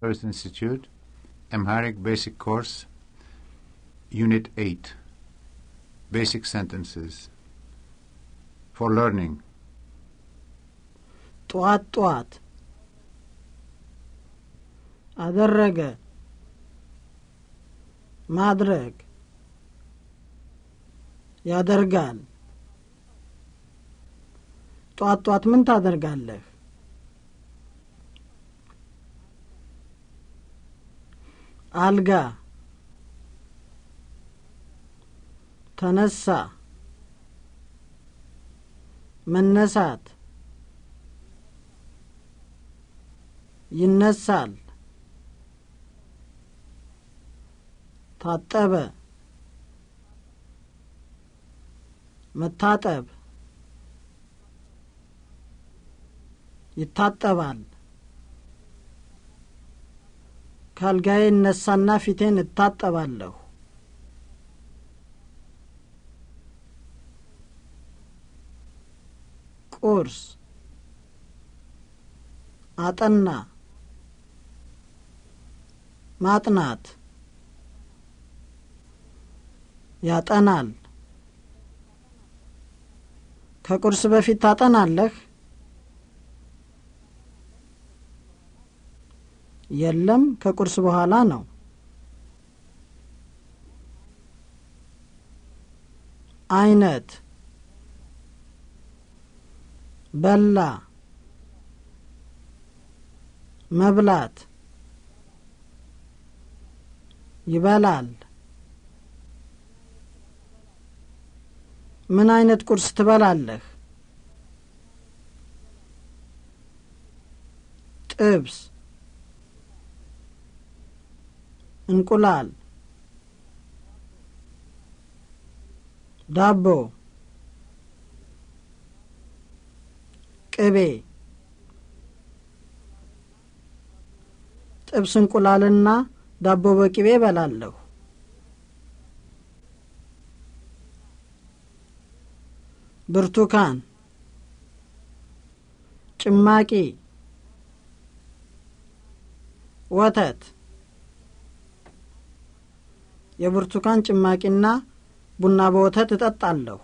First Institute, Amharic Basic Course, Unit 8 Basic Sentences for Learning. Tuat Tuat Adarrega Madreg Yadargan Tuat Tuat Mintadargan Lech አልጋ ተነሳ መነሳት ይነሳል ታጠበ መታጠብ ይታጠባል ካልጋዬ እነሳና ፊቴን እታጠባለሁ። ቁርስ አጠና ማጥናት ያጠናል። ከቁርስ በፊት ታጠናለህ? የለም ከቁርስ በኋላ ነው አይነት በላ መብላት ይበላል ምን አይነት ቁርስ ትበላለህ? ጥብስ እንቁላል ዳቦ ቅቤ ጥብስ እንቁላልና ዳቦ በቅቤ እበላለሁ። ብርቱካን ጭማቂ ወተት የብርቱካን ጭማቂና ቡና በወተት እጠጣለሁ።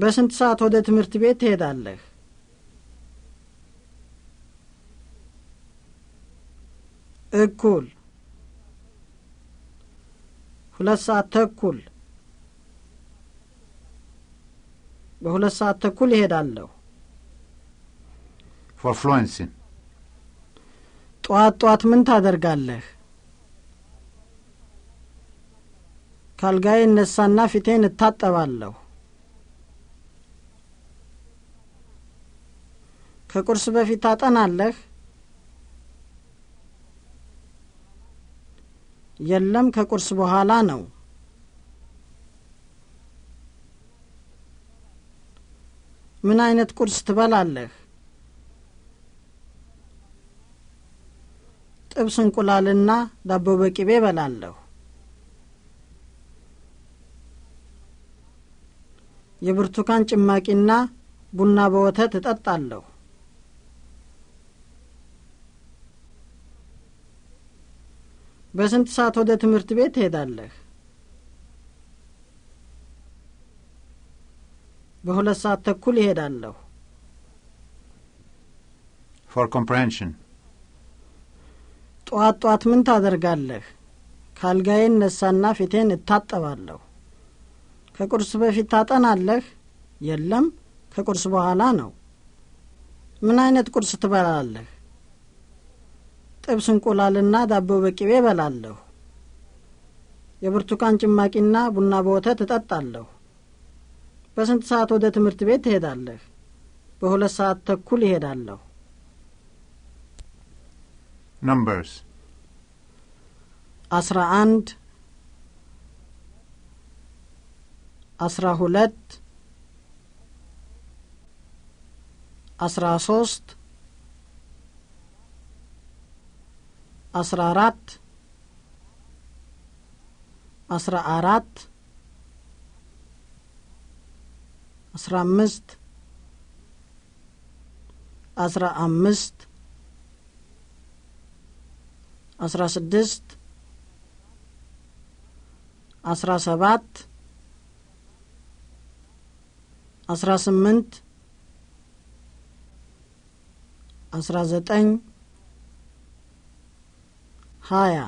በስንት ሰዓት ወደ ትምህርት ቤት ትሄዳለህ? እኩል ሁለት ሰዓት ተኩል በሁለት ሰዓት ተኩል ይሄዳለሁ። ፍሎንሲን ጧት ጧት ምን ታደርጋለህ? ካልጋዬ እነሳና ፊቴን እታጠባለሁ። ከቁርስ በፊት ታጠናለህ? የለም፣ ከቁርስ በኋላ ነው። ምን አይነት ቁርስ ትበላለህ? ጥብስ እንቁላልና ዳቦ በቂቤ እበላለሁ። የብርቱካን ጭማቂና ቡና በወተት እጠጣለሁ። በስንት ሰዓት ወደ ትምህርት ቤት ትሄዳለህ? በሁለት ሰዓት ተኩል ይሄዳለሁ። ፎር ኮምፕሬንሽን ጧት ጧት ምን ታደርጋለህ? ካልጋዬ እነሳና ፊቴን እታጠባለሁ። ከቁርስ በፊት ታጠናለህ? የለም፣ ከቁርስ በኋላ ነው። ምን አይነት ቁርስ ትበላለህ? ጥብስ እንቁላልና ዳቦ በቅቤ እበላለሁ። የብርቱካን ጭማቂና ቡና በወተት እጠጣለሁ። በስንት ሰዓት ወደ ትምህርት ቤት ትሄዳለህ? በሁለት ሰዓት ተኩል ይሄዳለሁ። numbers አስራ አንድ አስራ ሁለት አስራ ሶስት አስራ አራት አስራ አራት አስራ አምስት አስራ አምስት አስራ ስድስት አስራ ሰባት አስራ ስምንት አስራ ዘጠኝ ሀያ